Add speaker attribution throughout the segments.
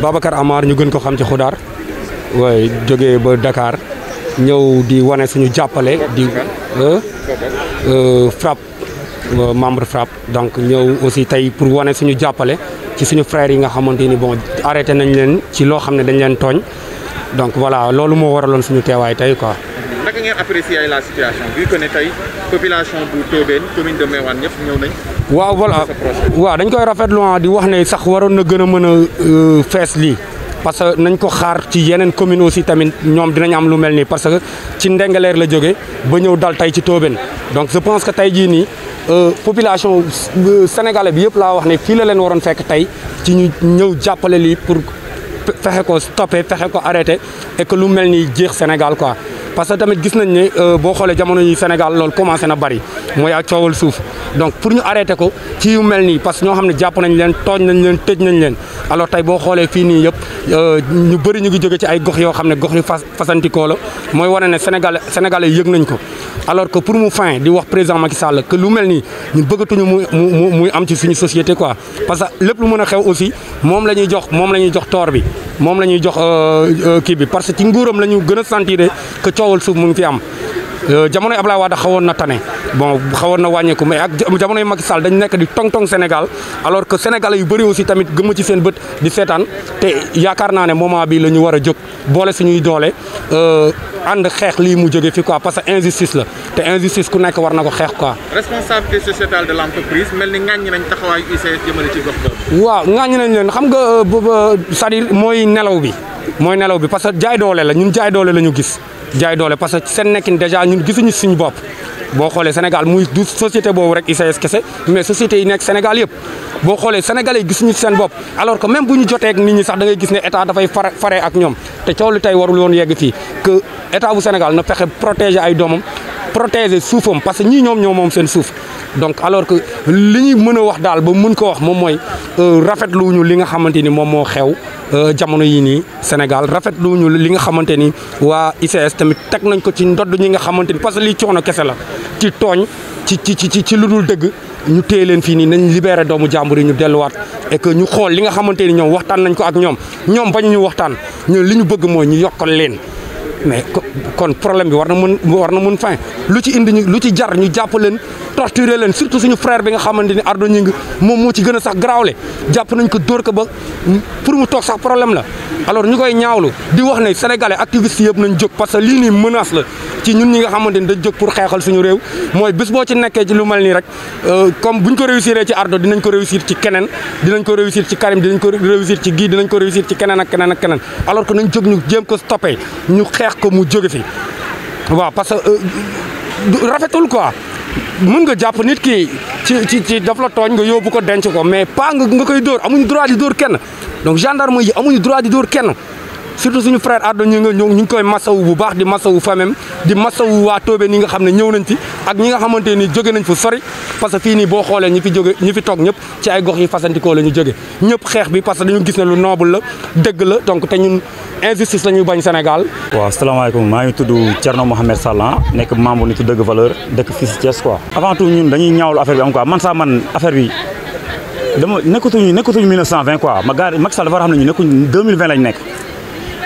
Speaker 1: Babacar Amar ñu gën ko xam ci xudaar waaye jógee ba dakaar ñëw di wane suñu jàppale di euh, euh, FRAPP euh, membre FRAPP donc ñëw aussi tey pour wane suñu jàppale ci suñu frères yi nga xamante ni bon arrêté nañ leen ci loo xam ne dañ leen tooñ donc voilà loolu moo waraloon suñu teewaay tey quoi. waaw voilà waaw dañ koy rafetlu ah, di wax ne sax waroon na gën a mën a euh, fees lii parce que nañ ko xaar ci yeneen commune aussi tamit ñoom dinañ am lu mel nii parce que ci Ndingler la jóge ba ñëw dal tey ci Tóobén donc je pense que tey jii nii euh, population euh, sénégalais bi yëpp laa wax ne fii la leen waroon fekk tey ci ñu ñëw jàppale lii pour fexe ko stoppé fexe ko arrêté et lu mel nii jeex Sénégal quoi parce que tamit gis nañ ne boo xoolee jamono yi Sénégal loolu commencé na bari mooy coowal suuf donc pour ñu arrêté ko ci yu mel nii parce que ñoo xam ne jàpp nañ leen tooñ nañ leen tëj nañ leen alors tey boo xoolee fii nii yëpp euh, ñu bëri ñu ngi jóge ci ay gox yoo xam ne gox yu fas fasantikoo la mooy wane ne Sénégal sénégalais yëg nañ ko alors que pour mu fin di wax président Macky Sall que lu mel nii ñun bëggatuñu mu mu muy am ci suñu société quoi parce que lépp lu mën a xew aussi moom lañuy jox moom la ñuy jox toor bi moom la ñuy jox euh, euh, kii bi parce que ci nguuram la ñu gën a sentir que suuf mu ngi fi am Euh, jamonoy Ablaye Wade xawoon na tane bon xawoon na wàññeeku mais ak yi Macky saal dañ nekk di tong-tong Sénégal alors que sénégalais yu bëri aussi tamit gëmm ci seen bët di seetaan te yaakaar naa ne moment bi la ñu war a jóg boole suñuy doole euh, ànd xeex lii mu jógee fi quoi parce que injustice la te injustice ku nekk war na ko xeex quoi.
Speaker 2: responsabilité sociétale de nañ
Speaker 1: waaw ŋàññi nañ leen xam nga euh, booba cest mooy nelaw bi mooy nelaw bi parce que jaay doole la ñun jaay doole la ñu gis. jaay doole parce que seen nekkin dèjà ñun gisuñu suñu bopp boo xoolee Sénégal muy du société boobu rek isa kese mais société yi nekk Sénégal yëpp boo xoolee sénégalais yi gisuñu seen bopp alors que même bu ñu jotee ni nit ñi sax da ngay gis ne état dafay fare ak ñoom te coow li tey warul woon yegg fii que état bu Sénégal na fexe protéger ay doomam protéger suufam parce que ñii ñoom ñoo moom seen suuf donc alors que li ñuy mën a wax daal ba mu mën ko wax moom mooy euh, rafetluwuñu li nga xamante ni moom moo xew euh, jamono yi nii Sénégal rafetluwuñu li nga xamante ni waa ICS tamit teg nañ ko ci ndodd ñi nga xamante ni parce que lii coono kese la ci tooñ ci ci ci ci lu dul dëgg ñu téye leen fii nii nañ libéré doomu jàmbur yi ñu delluwaat et que ñu xool li nga xamante ni ñoom waxtaan nañ ko ak ñoom ñoom bañ ñu waxtaan ñoom li ñu bëgg mooy ñu yokkal leen. mais kon problème bi war na mën war na mën fin lu ci indi ñu lu ci jar ñu jàpp leen torturer leen surtout suñu frère bi nga xamante ni Ardo Gningue moom moo ci gën a sax garaawle jàpp nañ ko dóor ko ba pour mu toog sax problème la alors ñu koy ñaawlu di wax ne sénégalais activistes yëpp nañ jóg parce que lii nii menace la ci ñun ñi nga xamante ni dañ jóg pour xeexal suñu réew mooy bés boo ci nekkee ci lu mel nii rek euh, comme buñ ko réussir ci Ardo dinañ ko réussir ci keneen dinañ ko réussir ci Karim dinañ ko réussir ci Guy dinañ ko réussir ci kenen ak keneen ak keneen alors que nañ jóg ñu jéem ko stoppé ñu xeex ko mu jóge fi waaw parce que euh, rafetul quoi mën nga jàpp nit ki ci ci ci daf la tooñ nga yóbbu ko denc ko mais pas nga nga koy dóor amuñu droit di dóor kenn donc gendarme yi amuñu droit di dóor kenn surtout suñu frère Ardo ñu ngi ñu ngi koy masawu bu baax di masawu famem di masawu waa Toobé ñi nga xam ne ñëw nañ fi ak ñi nga xamante ni jóge nañ fu sori parce que fii nii boo xoolee ñu fi jóge ñi fi toog ñëpp ci ay gox yi fasantikoo la jóge ñëpp xeex bi parce que dañu gis ne lu noble la dëgg la donc te ñun injustice la ñuy bañ Sénégal.
Speaker 3: waaw salaamaaleykum maa ngi tudd Thierno Mohamed Sallan ah, nekk membre nitu dëgg valeur dëkk fii si Thiès quoi. avant tout ñun dañuy ñaawlu affaire bi am quoi man sax man affaire bi ñu nekk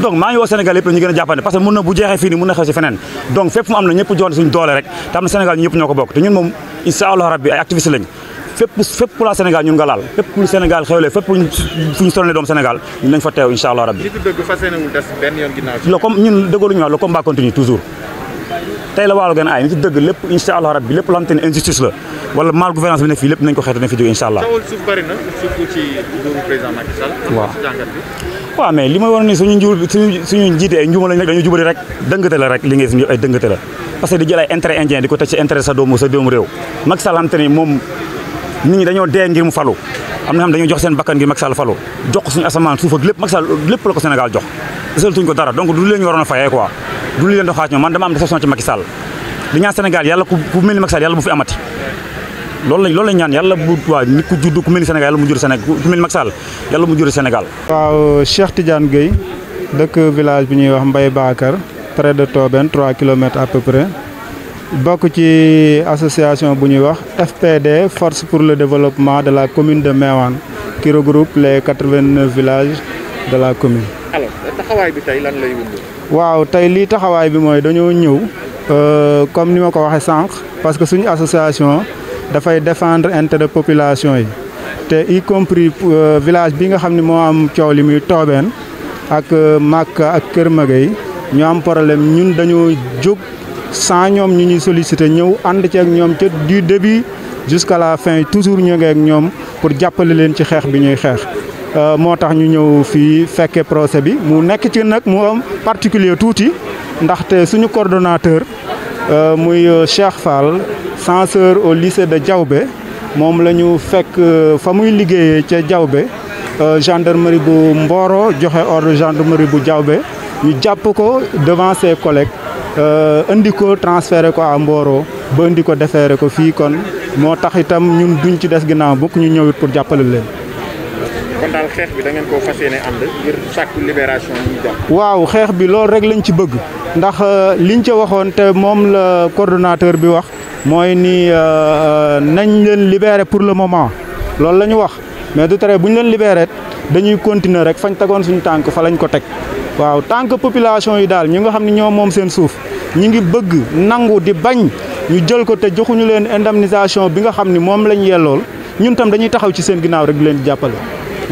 Speaker 3: donc maa ngi woo Sénégal yëpp la ñu gën a jàppante parce que mun na bu jeexee fii nii mun na xew si feneen donc fépp mu am na ñëpp joon suñu doole rek te am na Sénégal ñu ñëpp ñoo ko bokk te ñun moom incha allah rabbi ay activiste lañ fépp la Sénégal ñun nga laal fépp Sénégal xewlee fépp fu ñu sonné doomu Sénégal ñun nañ fa teew incha allah rabbi la comme ñun dëggaluñu wax toujours tey la waalo gën aay ni dëgg lépp incha allah rabbi lépp la xam te ne injustice la fii lépp nañ ko xeetu ne fi jóge incha waaw mais li may war ni suñu njuur suñu suñu ay njuuma lañ rek dañu rek dëngate rek li ngay suñu ay dëngate parce que di jël ay intérêt di ko teg ci intérêt sa doomu sa doomu réew Macky Sall te ni moom nit dañoo dee ngir mu falu am na xam dañoo jox seen bakkan ngir Macky Sall falu jox suñu asamaan suuf ak lépp Macky Sall lépp la ko Sénégal jox desalatuñ ko dara donc du leen ñu waroon a fayee quoi du leen doxaat ñoom man dama am déception ci Macky loolu la loolu lañ ñaan yàlla bu waaw nit ku judd ku mel ni Sénégal yàlla mu jur Sénégal ku mel ni Macky Sall yàlla mu jur Sénégal.
Speaker 2: waaw Cheikh Tidiane Gueye dëkk village bi ñuy wax Mbaye Bakar près de Tobène 3 kilomètres à peu près bokk ci association bu ñuy wax FPD force pour le développement de la commune de Méouane qui regroupe les 89 villages de la commune. alors taxawaay bi waaw tey lii taxawaay bi mooy dañoo ñëw euh, comme ni ma ko waxe sànq parce que suñu association. dafay défendre intérêt population yi te y compris euh, village bi nga xam ne moo am coow li muy toobeen ak euh, Màkka ak Kër yi ñu am problème ñun dañoo jóg sans ñoom ñu ñuy solliciter ñëw ànd ci ak ñoom ca du début jusqu'à la fin toujours ñu ak ñoom pour jàppale leen ci xeex bi ñuy xeex. Euh, moo tax ñu ñëw fii fekkee procès bi mu nekk ci nag mu am particulier tuuti ndaxte suñu coordonnateur. Euh, muy euh, Cheikh Fall censeur au lycée de Diaobé moom la ñu fekk euh, fa muy liggéeyee ca Diaobé gendarmerie bu Mboro joxe ordre gendarmerie bu Diaobé ñu jàpp ko devant ses collègues indi ko transféré ko à Mboro ba indi ko defeere ko fii kon moo tax itam ñun duñ ci des ginaaw bokk ñu ñëwit pour jàppale leen. kon xeex bi waaw xeex bi loolu rek lañ ci bëgg ndax euh, liñ ca waxoon te moom la coordonnateur bi wax mooy ni euh, euh, nañ leen libérer pour le moment loolu la ñu wax mais du tere bu ñu leen libérer dañuy continuer rek fañ tegoon suñu tànk fa lañ ko teg waaw tant que population yi daal ñu nga xam ne ñoom moom seen suuf ñu ngi bëgg nangu di bañ ñu jël ko te joxuñu leen indemnisation bi nga xam ni moom lañ yellool ñun tam dañuy taxaw ci seen ginnaaw rek di leen jàppale.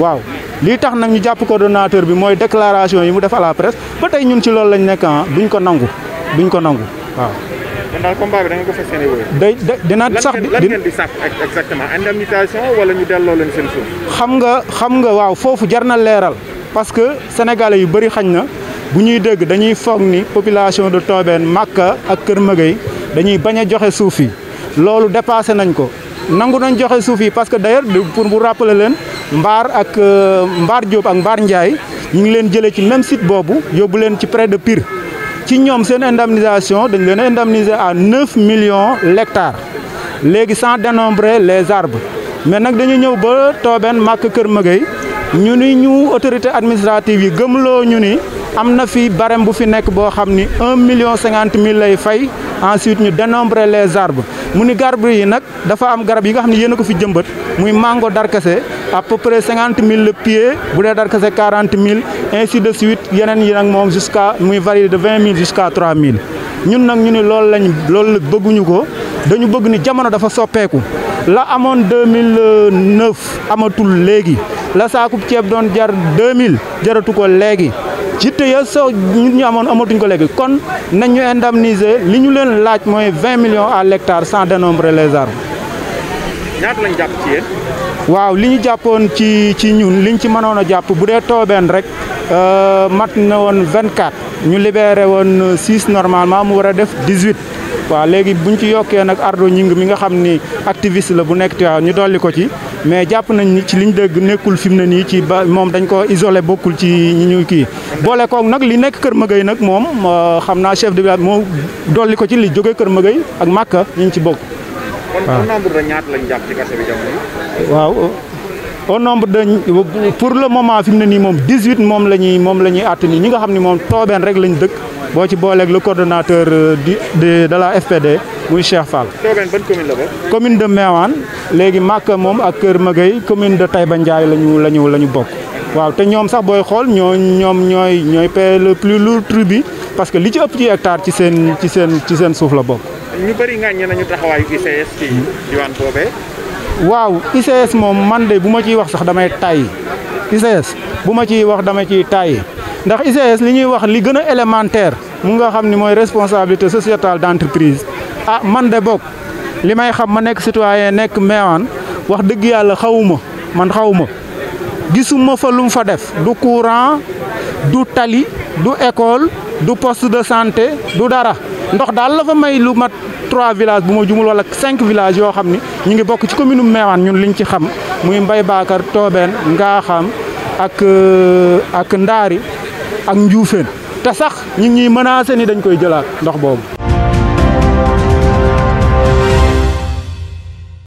Speaker 2: waaw lii tax nag ñu jàpp coordonnateur bi mooy déclaration yi mu def à la presse ba tey ñun ci loolu lañ nekk ah, duñ ko nangu duñ ko nangu waaw. kon daal ko fas dina sax di lan ngeen di sax exactement indemnisation wala ñu delloo leen seen xam nga xam nga waaw foofu jar na leeral parce que sénégalais yu bëri xañ na bu ñuy dégg dañuy foog ni population de Tobène Màkka ak Kër Mëgëy dañuy bañ a joxe suuf yi loolu dépassé nañ ko nangu nañ joxe suuf yi parce que d'ailleurs pour bu rappeler leen. Mbaar ak euh, Mbaar Diop ak Mbaar Ndiaye ñu ngi leen jëlee ci même site boobu yóbbu leen ci près de Pire ci ñoom seen indemnisation dañ leen indemniser à 9 millions l'hectare léegi sans dénombrer les arbres mais nag dañu ñëw ba Tobène Màkk Kër Mëgëy ñu ni ñu autorité administrative yi gëmloo ñu ni am na fi barème bu fi nekk boo xam ni 1 million 50 mille lay fay ensuite ñu dénombrer les arbres mu ni garab yi nag dafa am garab yi nga xam ne yéen a ko fi jëmbat muy mango darkase à peu près cinquante mille le pied bu dee darkase quarante mille ainsi de suite yeneen yi nag moom jusqu'à muy varié de vingt mille jusqu'à trois mille ñun nag ñu lool loolu lañ loolu bëgguñu ko dañu bëgg ni jamono dafa soppeeku la amoon 2009 amatul léegi la saakub ceeb doon jar 2000 jaratu ko léegi jitte ya soo ñu amoon amatuñ ko léegi kon nañ ñu indemniser li ñu leen laaj mooy 20 millions à l'hectare de dénombrer les arbres. ñaata lañ jàpp ci yéen. waaw li ñu jàppoon ci ci ñun liñ ci mënoon a jàpp bu dee toobeen rek euh, mat na woon 24 ñu libéré woon 6 normalement mu war a def 18. waaw léegi bu ñu ci yokkee nag Ardo ñing mi nga xam ni activiste la bu nekk ti Tivaouane ñu dolli ko ci mais jàpp nañ ni ci ñu dégg nekkul fi mu ne nii ci ba moom dañ ko isolé bokkul ci ñi ñu kii boole koog nag li nekk Kër Magay nag moom euh, xam naa chef de village moo dolli ko ci li jóge Kër Magay ak Màkka ñu ngi ci bokk. waaw o nombre de ñaata lañ jàpp ci kase bi fi mu ne nii moom 18 moom la ñuy moom la ñuy àtt nii ñi nga xam ni moom toobeen rek lañ dëkk. boo ci booleeg le coordonnateur euh, di de la FPD muy Cheikh Fall. Ndogane ban commune la bokk. commune de Mewane léegi Maka moom ak Kër Magueye commune de Taïba Ndiaye la ñu la ñu la bokk. waaw te ñoom sax booy xool ñoo ñoom ñooy ñooy paye le plus lourd tribut parce que li ci ëpp ci hectare ci seen ci seen ci seen suuf la bokk. ñu bëri ngaañ nañu taxawaayu ICS ci hmm. diwaan boobee. waaw ICS moom man de bu ma ciy wax sax damay tàyyi ICS bu ma ciy wax dama ciy tàyyi ndax ICS li ñuy wax li gën a élémentaire mu nga xam ni mooy responsabilité sociétale d'entreprise ah man de bokk li may xam ma nekk citoyen nekk meewaan wax dëgg yàlla xawuma man xawuma gisuma fa lu fa def du courant du tali du école du poste de santé du dara ndox daal la fa may lu mat trois villages bu ma jumul wala cinq villages yoo xam ni ñu ngi bokk ci commune u meewaan ñun ñu ci xam muy Mbay Baakar Toobeen Ngaaxam ak euh, ak Ndaari ak njuufeen te sax ñu mën ñuy menacé ni dañ koy jëlaat ndox boobu.